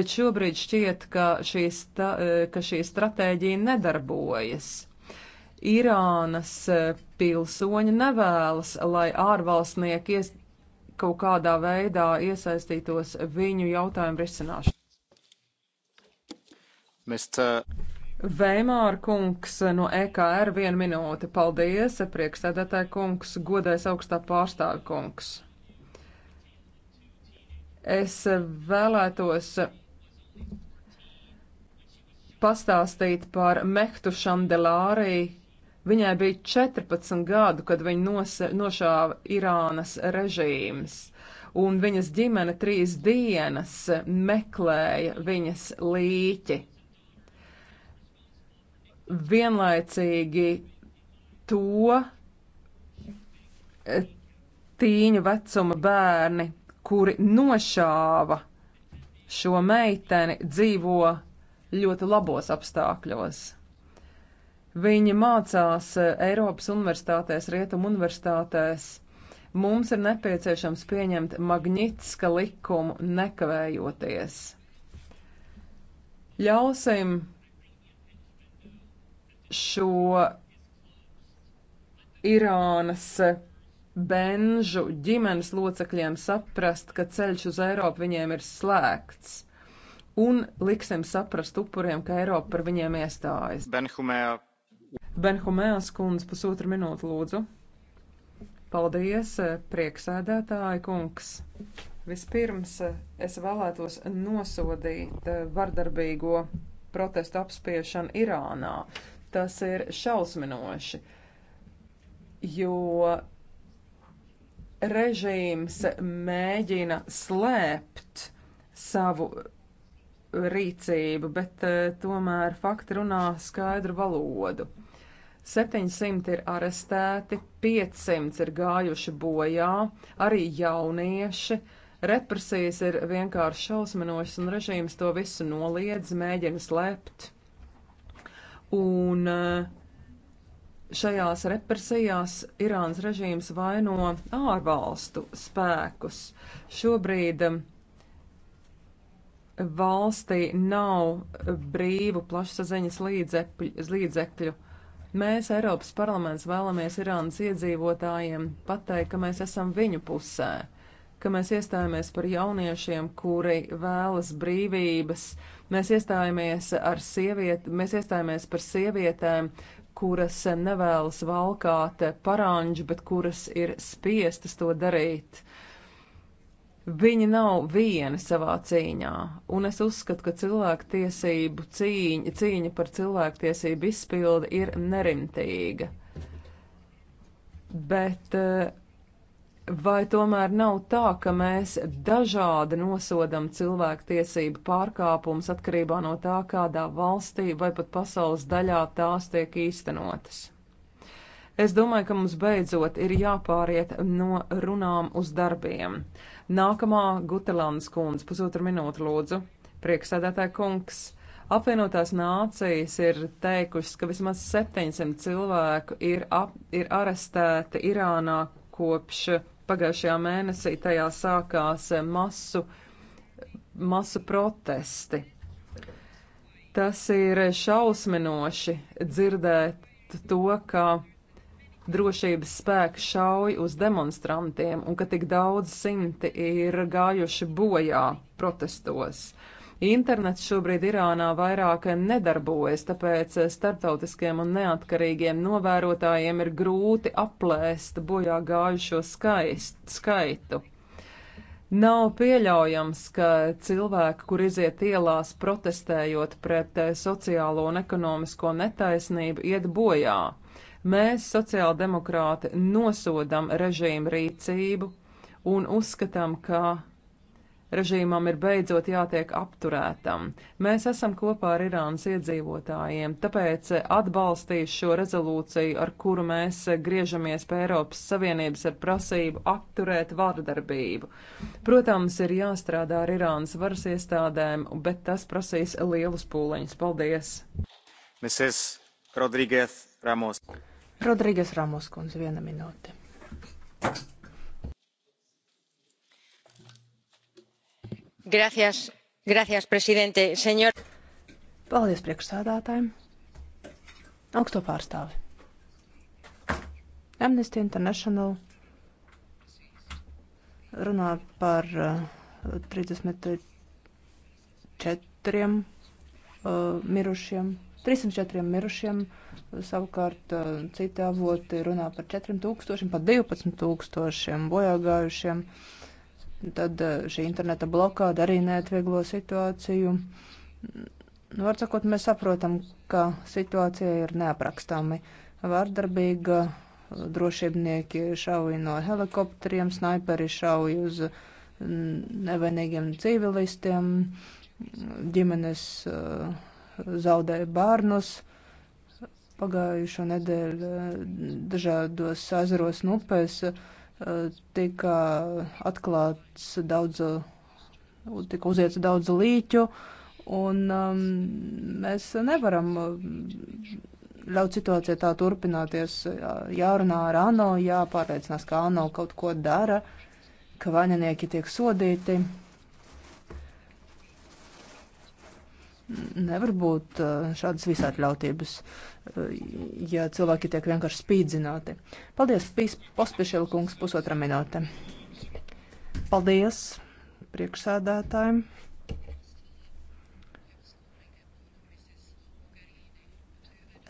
D: bet šobrīd šķiet, ka šī, sta, ka šī stratēģija nedarbojas. Irānas eh, pilsoņi nevēlas, lai ārvalstnieki ies, kaut kādā veidā iesaistītos viņu jautājumu risināšanā. Mr. Veimāra kungs no EKR viena minūte. Paldies, priekšsēdētāja kungs, godais augstā pārstāvi kungs. Es vēlētos pastāstīt par Mehtu Šandelāriju, Viņai bija 14 gadu, kad viņu nos, nošāva Irānas režīms, un viņas ģimene trīs dienas meklēja viņas līķi. Vienlaicīgi to eh, tīņu vecuma bērni, kuri nošāva šo meiteni, dzīvo ļoti labos apstākļos. Viņi mācās eh, Eiropas universitātēs, Rietumu universitātēs. Mums ir nepieciešams pieņemt Magnitska likumu nekavējoties. Ļausim šo Irānas eh, benžu ģimenes locekļiem saprast, ka ceļš uz Eiropu viņiem ir slēgts. Un liksim saprast upuriem, ka Eiropa par viņiem iestājas. Benhumea Benhomēls kundze, pusotra minūte lūdzu. Paldies, eh, prieksēdētāji kungs. Vispirms eh, es vēlētos nosodīt eh, vardarbīgo protestu apspiešanu Irānā. Tas ir šausminoši, jo režīms mēģina slēpt savu rīcība, bet eh, tomēr fakti runā skaidru valodu. 700 ir arestēti, 500 ir gājuši bojā, arī jaunieši. Represijas ir vienkārši šausminošas, un režīms to visu noliedz, mēģina slēpt. Un eh, šajās represijās Irānas režīms vaino ārvalstu spēkus. Šobrīd valstī nav brīvu plašsaziņas līdzekļu. līdzekļu. Mēs, Eiropas parlaments, vēlamies Irānas iedzīvotājiem pateikt, ka mēs esam viņu pusē, ka mēs iestājāmies par jauniešiem, kuri vēlas brīvības, mēs iestājāmies, sieviet, mēs iestājāmies par sievietēm, kuras nevēlas valkāt parāņģi, bet kuras ir spiestas to darīt. Viņa nav viena savā cīņā, un es uzskatu, ka cilvēktiesību cīņa, cīņa par cilvēktiesību izpildi ir nerimtīga. Bet eh, vai tomēr nav tā, ka mēs dažādi nosodam cilvēktiesību pārkāpumus atkarībā no tā, kādā valstī vai pat pasaules daļā tās tiek īstenotas? Es domāju, ka mums beidzot ir jāpāriet no runām uz darbiem. Nākamā Gutelandes kundze, pusotru minūtu lūdzu, prieksēdētāja kungs. Apvienotās nācijas ir teikušas, ka vismaz 700 cilvēku ir, ap, ir arestēti Irānā kopš pagājušajā mēnesī. Tajā sākās masu, masu protesti. Tas ir šausminoši dzirdēt to, ka drošības spēki šauj uz demonstrantiem un ka tik daudz simti ir gājuši bojā protestos. Internets šobrīd Irānā vairāk nedarbojas, tāpēc starptautiskiem un neatkarīgiem novērotājiem ir grūti aplēst bojā gājušo skaist, skaitu. Nav pieļaujams, ka cilvēki, kur iziet ielās protestējot pret sociālo un ekonomisko netaisnību, iet bojā. Mēs, sociāldemokrāti, nosodam režīmu rīcību un uzskatām, ka režīmam ir beidzot jātiek apturētam. Mēs esam kopā ar Irānas iedzīvotājiem, tāpēc atbalstīšu šo rezolūciju, ar kuru mēs griežamies pie Eiropas Savienības ar prasību apturēt vārdarbību. Protams, ir jāstrādā ar Irānas varas iestādēm, bet tas prasīs lielus pūliņus. Paldies!
B: Mrs. Rodriguez Ramos.
D: Rodrīgas
A: Ramos kundze, viena minūte.
B: Gracias, gracias, presidente. Señor...
C: Paldies
A: priekšsādātājiem. Augsto pārstāvi. Amnesty International runā par 34 uh, eh, eh, mirušiem 304 mirušiem, savukārt citi avoti runā par 4000, pat 12000 bojāgājušiem. Tad šī interneta blokāda arī neatvieglo situāciju. Nu, Varbūt mēs saprotam, ka situācija ir neaprakstāmi vārdarbīga. Drošībnieki šauja no helikopteriem, snaiperi šauja uz nevainīgiem civilistiem, ģimenes uh, zaudēja bērnus. Pagājušo nedēļu eh, dažādos ezeros un upēs eh, tika atklāts daudz, tika uziets daudz līķu, un um, mēs nevaram eh, ļaut situācijai tā turpināties. Jā, jārunā ar ANO, jāpārliecinās, ka ANO kaut ko dara, ka vaininieki tiek sodīti. Nevar būt uh, šādas visatļautības, uh, ja cilvēki tiek vienkārši spīdzināti. Paldies, Pospiešila kungs, pusotra minūte. Paldies priekšsēdētājiem.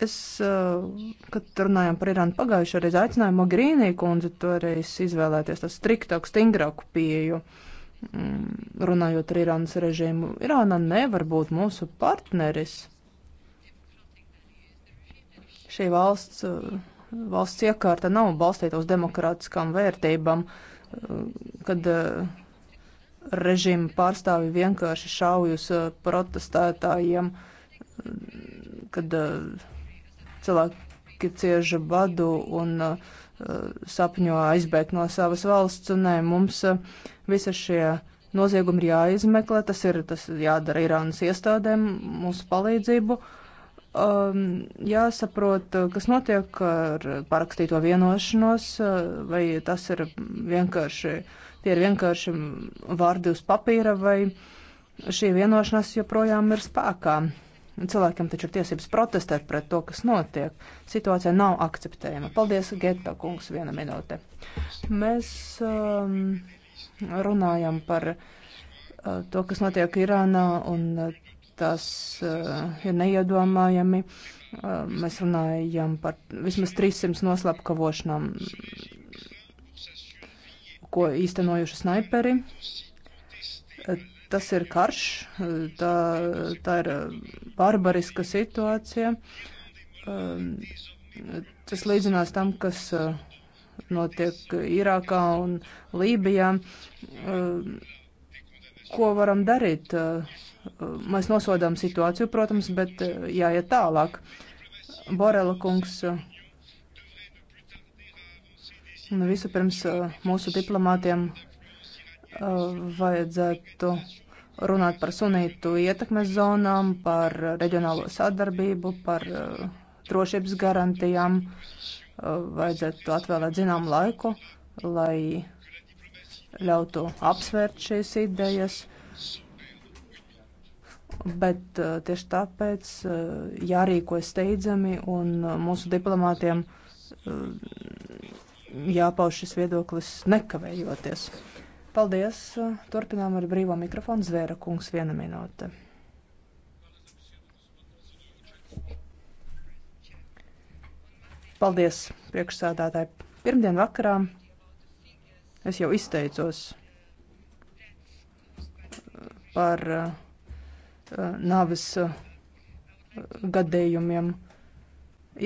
A: Es, uh, kad runājām par Irānu pagājušajā reizē, aicināju Mogrīnī kundzi toreiz izvēlēties tādu striktāku, stingrāku pieju. Uh, Mm, runājot ar Irānas režīmu, Irāna nevar būt mūsu partneris. Šī valsts, eh, valsts iekārta nav balstīta uz demokrātiskām vērtībām, eh, kad eh, režīma pārstāvi vienkārši šauj uz protestētājiem, kad cilvēki cilvēki cieši badu un uh, sapņo aizbēgt no savas valsts. Nē, mums uh, visi šie noziegumi ir jāizmeklē, tas ir tas jādara Irānas iestādēm mūsu palīdzību. Um, jāsaprot, uh, kas notiek ar parakstīto vienošanos, uh, vai tas ir vienkārši, tie ir vienkārši vārdi uz papīra, vai šī vienošanās joprojām ir spēkā. Cilvēkiem taču ir tiesības protestēt pret to, kas notiek. Situācija nav akceptējama. Paldies, Geta kungs, viena minūte. Mēs um, runājam par uh, to, kas notiek Irānā, un uh, tas uh, ir neiedomājami. Uh, mēs runājam par vismaz 300 noslapkavošanām, ko īstenojuši snaiperi. Uh, Tas ir karš, tā, tā ir barbariska situācija. Tas līdzinās tam, kas notiek Irākā un Lībijā. Ko varam darīt? Mēs nosodām situāciju, protams, bet jāiet tālāk. Borela kungs nu, Vispirms mūsu diplomātiem vajadzētu runāt par sunītu ietekmes zonām, par reģionālo sadarbību, par eh, drošības garantijām. Eh, vajadzētu atvēlēt zinām laiku, lai ļautu apsvērt šīs idejas. Bet eh, tieši tāpēc jārīkojas steidzami un mūsu diplomātiem jāpauž šis viedoklis nekavējoties. Paldies. Turpinām ar brīvo mikrofonu. Zvēra kungs, viena minūte. Paldies, priekšsādātāji. Pirmdien vakarā es jau izteicos uh, par uh, uh, nāves uh, gadījumiem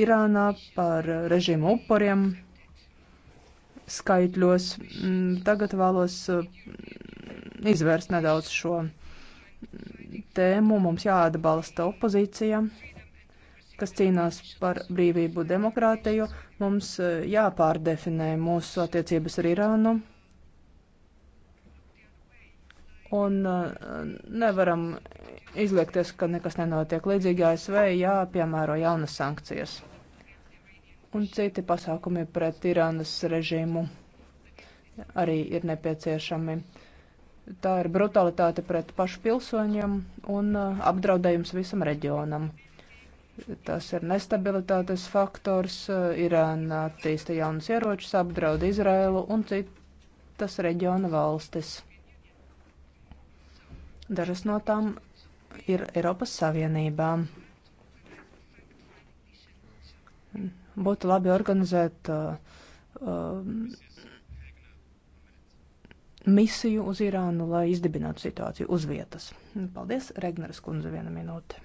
A: Irānā, par uh, režīmu upuriem skaitļos. Mm, tagad vēlos mm, izvērst nedaudz šo tēmu. Mums jāatbalsta opozīcija, kas cīnās par brīvību demokrātiju. Mums eh, jāpārdefinē mūsu attiecības ar Irānu. Un eh, nevaram izliekties, ka nekas nenotiek. Līdzīgi ASV jāpiemēro jaunas sankcijas un citi pasākumi pret Irānas režīmu arī ir nepieciešami. Tā ir brutalitāte pret pašu pilsoņiem un uh, apdraudējums visam reģionam. Tas ir nestabilitātes faktors, uh, Irāna attīsta jaunus ieročus, apdraud Izraēlu un citas reģiona valstis. Dažas no tām ir Eiropas Savienībām. Būtu labi organizēt uh, uh, misiju uz Irānu, lai izdibinātu situāciju uz vietas. Paldies, Regneres kundze, viena minūte.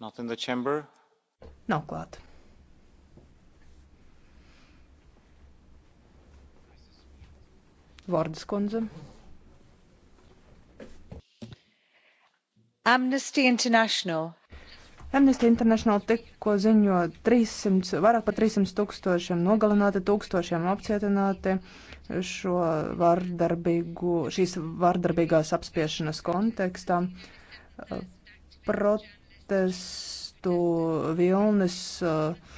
B: Not in the chamber.
A: Nav klāt.
C: Vārdas kundze. Amnesty International.
A: Amnesty International tikko ziņo 300, vairāk par 300 tūkstošiem nogalināti, tūkstošiem apcietināti šo vardarbīgu, šīs vardarbīgās apspiešanas kontekstā. Eh, protestu vilnis, eh,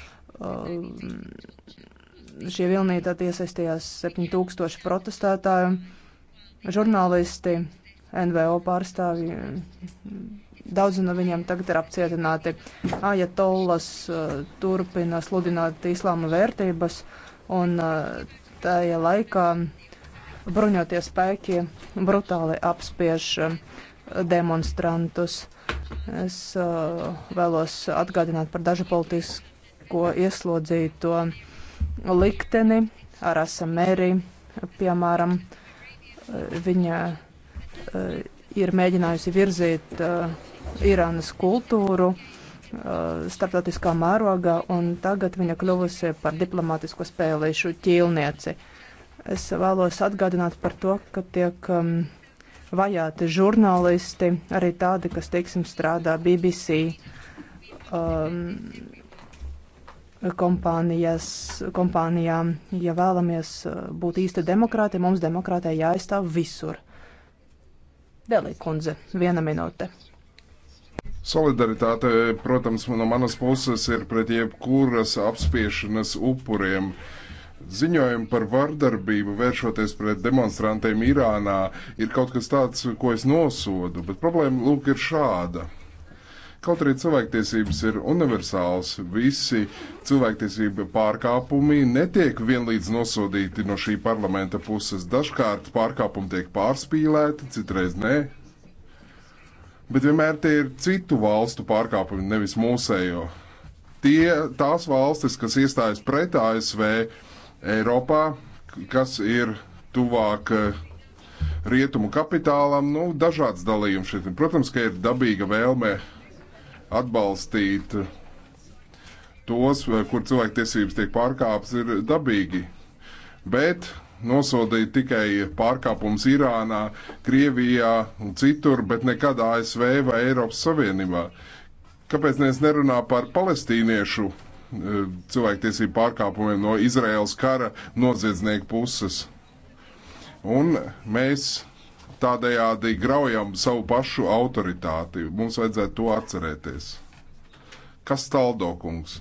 A: šie vilnī tad iesaistījās 7000 protestētāju, žurnālisti NVO pārstāvji. Daudzi no viņiem tagad ir apcietināti. Ajatollas uh, turpina sludināt islāma vērtības, un uh, tajā laikā bruņotie spēki brutāli apspiež uh, demonstrantus. Es uh, vēlos atgādināt par dažu politisko ieslodzīto likteni, Arasa Mērī, piemēram, viņa Uh, ir mēģinājusi virzīt uh, Irānas kultūru uh, starptautiskā mērogā, un tagad viņa kļuvusi par diplomātisko spēlēšu ķīlnieci. Es vēlos atgādināt par to, ka tiek um, vajāti žurnālisti, arī tādi, kas, teiksim, strādā BBC um, kompānijām. Ja vēlamies būt īsti demokrāti, mums demokrātē jāaizstāv visur. Delī kundze, viena minūte.
E: Solidaritāte, protams, no manas puses ir pret jebkuras apspiešanas upuriem. Ziņojumi par vardarbību vēršoties pret demonstrantiem Irānā ir kaut kas tāds, ko es nosodu, bet problēma lūk ir šāda. Kaut arī cilvēktiesības ir universāls, visi cilvēktiesība pārkāpumi netiek vienlīdz nosodīti no šī parlamenta puses. Dažkārt pārkāpumi tiek pārspīlēti, citreiz nē. Bet vienmēr tie ir citu valstu pārkāpumi, nevis mūsējo. Tie tās valstis, kas iestājas pret ASV Eiropā, kas ir tuvāk eh, rietumu kapitālam, nu, dažāds dalījums šeit. Protams, ka ir dabīga vēlme atbalstīt tos, eh, kur cilvēktiesības tiek pārkāptas, ir dabīgi. Bet nosodīt tikai pārkāpumus Irānā, Krievijā un citur, bet nekad ASV vai Eiropas Savienībā. Kāpēc mēs nerunā par palestīniešu eh, cilvēktiesību pārkāpumiem no Izraels kara noziedznieku puses? Un mēs Tādējādi graujam savu pašu autoritāti. Mums vajadzētu to atcerēties. Kas taldo, kungs?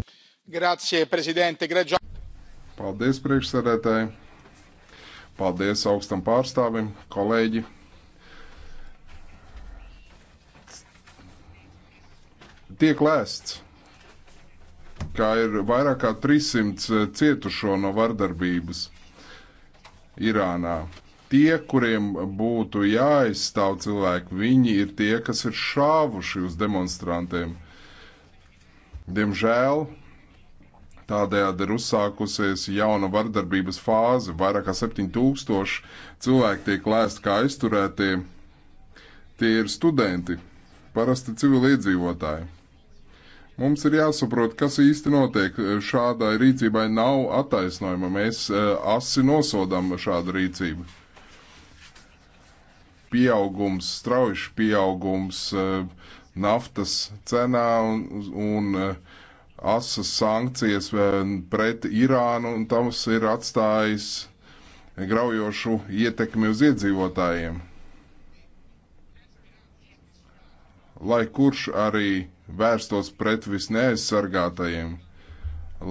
B: Grazie, prezidente, greģo.
E: Paldies, priekšsēdētāji. Paldies augstam pārstāvim, kolēģi. Tiek lēsts, ka ir vairāk kā 300 cietušo no vardarbības Irānā tie, kuriem būtu jāaizstāv cilvēki, viņi ir tie, kas ir šāvuši uz demonstrantiem. Diemžēl tādējādi ir uzsākusies jauna vardarbības fāze. Vairāk kā 7000 cilvēki tiek lēsti kā aizturētie. Tie ir studenti, parasti civiliedzīvotāji. Mums ir jāsaprot, kas īsti notiek. Šādai rīcībai nav attaisnojuma. Mēs eh, asi nosodām šādu rīcību pieaugums, straujišs pieaugums eh, naftas cenā un, un eh, asas sankcijas eh, pret Irānu, un tas ir atstājis graujošu ietekmi uz iedzīvotājiem. lai kurš arī vērstos pret visneaizsargātajiem,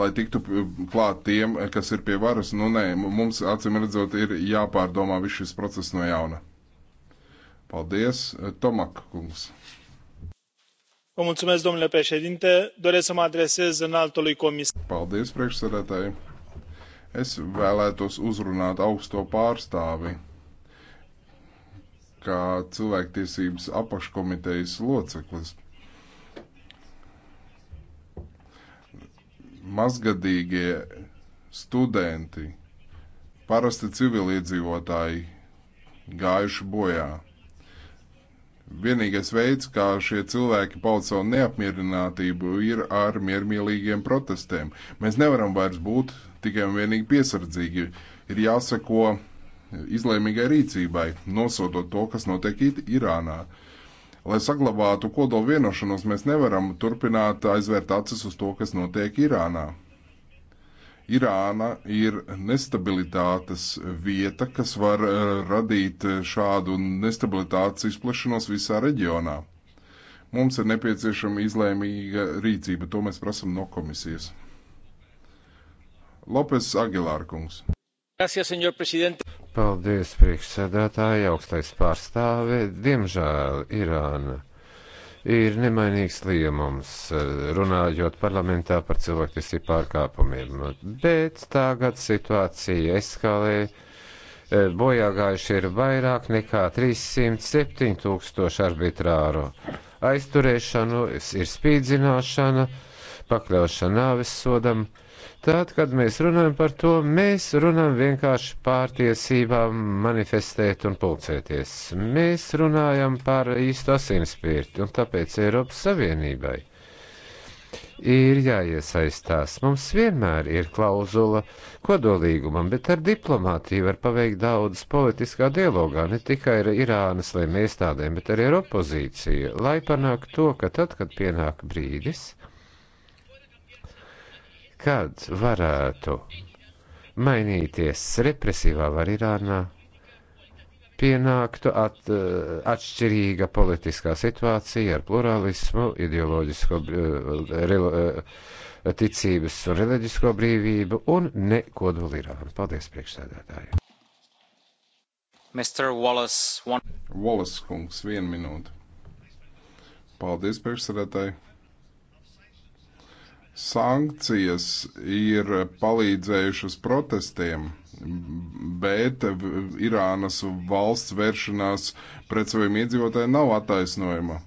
E: lai tiktu klāt tiem, kas ir pie varas. Nu, nē, mums acīm redzot, ir jāpārdomā viss šis process no jauna. Paldies, eh, Tomak kungs. Vă mulțumesc, domnule președinte. Doresc să mă adresez înaltului comisar. Paldies, priekšsēdētāji. Es vēlētos uzrunāt augsto pārstāvi kā cilvēktiesības apakškomitejas loceklis. Mazgadīgie studenti, parasti civiliedzīvotāji gājuši bojā. Vienīgais veids, kā šie cilvēki pauda savu neapmierinātību, ir ar miermīlīgiem protestiem. Mēs nevaram vairs būt tikai un vienīgi piesardzīgi. Ir jāseko izlēmīgai rīcībai, nosodot to, kas notiek Irānā. Lai saglabātu kodolu vienošanos, mēs nevaram turpināt aizvērt acis uz to, kas notiek Irānā. Irāna ir nestabilitātes vieta, kas var eh, radīt eh, šādu nestabilitātes izplešanos visā reģionā. Mums ir nepieciešama izlēmīga rīcība, to mēs prasam no komisijas. Lopes
B: Agilārkungs. Paldies, priekšsēdētāji, augstais pārstāve. Diemžēl Irāna ir nemainīgs liemums, runājot parlamentā par cilvēktiesību pārkāpumiem. Bet tagad situācija eskalē. E, Bojā gājuši ir vairāk nekā 307 tūkstoši arbitrāru aizturēšanu, ir spīdzināšana, pakļaušana nāves sodam. Tad, kad mēs runājam par to, mēs runājam vienkārši par tiesībām manifestēt un pulcēties. Mēs runājam par īstu asinspirti, un tāpēc Eiropas Savienībai ir jāiesaistās. Mums vienmēr ir klauzula kodolīgumam, bet ar diplomātiju var paveikt daudz politiskā dialogā, ne tikai ar Irānas lēm iestādēm, bet arī ar opozīciju, lai panāktu to, ka tad, kad pienāk brīdis, kad varētu mainīties represīvā var Irānā, pienāktu at, eh, atšķirīga politiskā situācija ar plurālismu, ideoloģisko eh, relo, eh, ticības un reliģisko brīvību un nekodoli Irānu. Paldies priekšsēdētājiem. Mr. Wallace, one...
E: Wallace kungs, vienu minūtu. Paldies priekšsēdētāji. Sankcijas ir palīdzējušas protestiem, bet Irānas valsts vēršanās pret saviem iedzīvotājiem nav attaisnojama.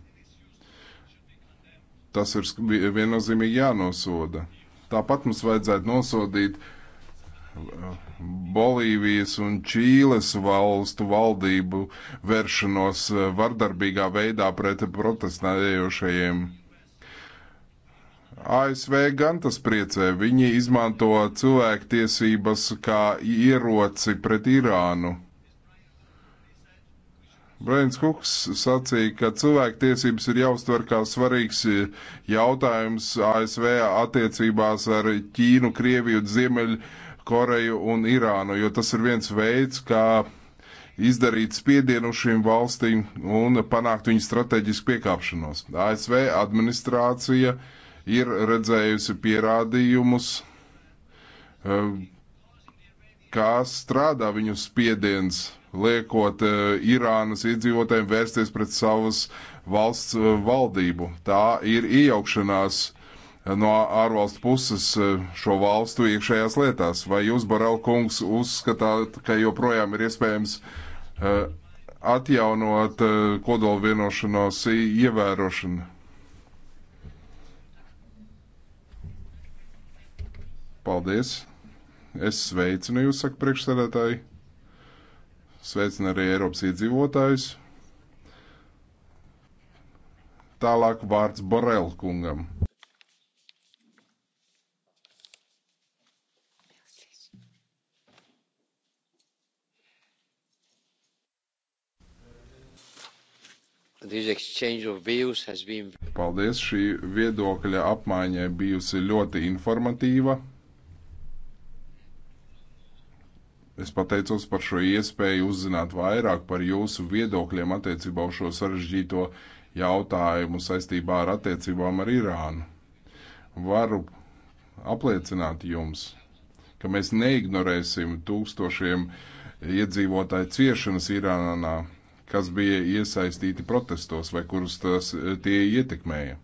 E: Tas ir viennozīmīgi jānosoda. Tāpat mums vajadzētu nosodīt uh, Bolīvijas un Čīles valstu valdību vēršanos uh, vardarbīgā veidā pret protestējošajiem. ASV gan tas priecē. Viņi izmanto cilvēktiesības kā ieroci pret Irānu. Brains Hooks sacīja, ka cilvēktiesības ir jāuztver kā svarīgs jautājums ASV attiecībās ar Ķīnu, Krieviju, Ziemeļkoreju un Irānu, jo tas ir viens veids, kā izdarīt spiedienu šīm valstīm un panākt viņu strateģisku piekāpšanos. ASV administrācija uh, ir redzējusi pierādījumus, e, kā strādā viņu spiediens, liekot e, Irānas iedzīvotājiem vērsties pret savas valsts e, valdību. Tā ir iejaukšanās no ārvalstu puses šo valstu iekšējās lietās. Vai jūs, Barel kungs, uzskatāt, ka joprojām ir iespējams atjaunot kodolvienošanos ievērošanu? Paldies! Es sveicinu jūs, saka priekšsēdētāji. Sveicinu arī Eiropas iedzīvotājus. Tālāk vārds Borel kungam.
B: Been...
E: Paldies, šī viedokļa apmaiņa bijusi ļoti informatīva. Es pateicos par šo iespēju uzzināt vairāk par jūsu viedokļiem attiecībā uz šo sarežģīto jautājumu saistībā ar attiecībām ar Irānu. Varu apliecināt jums, ka mēs neignorēsim tūkstošiem iedzīvotāju ciešanas Irānā, kas bija iesaistīti protestos vai kurus tas, tie ietekmēja.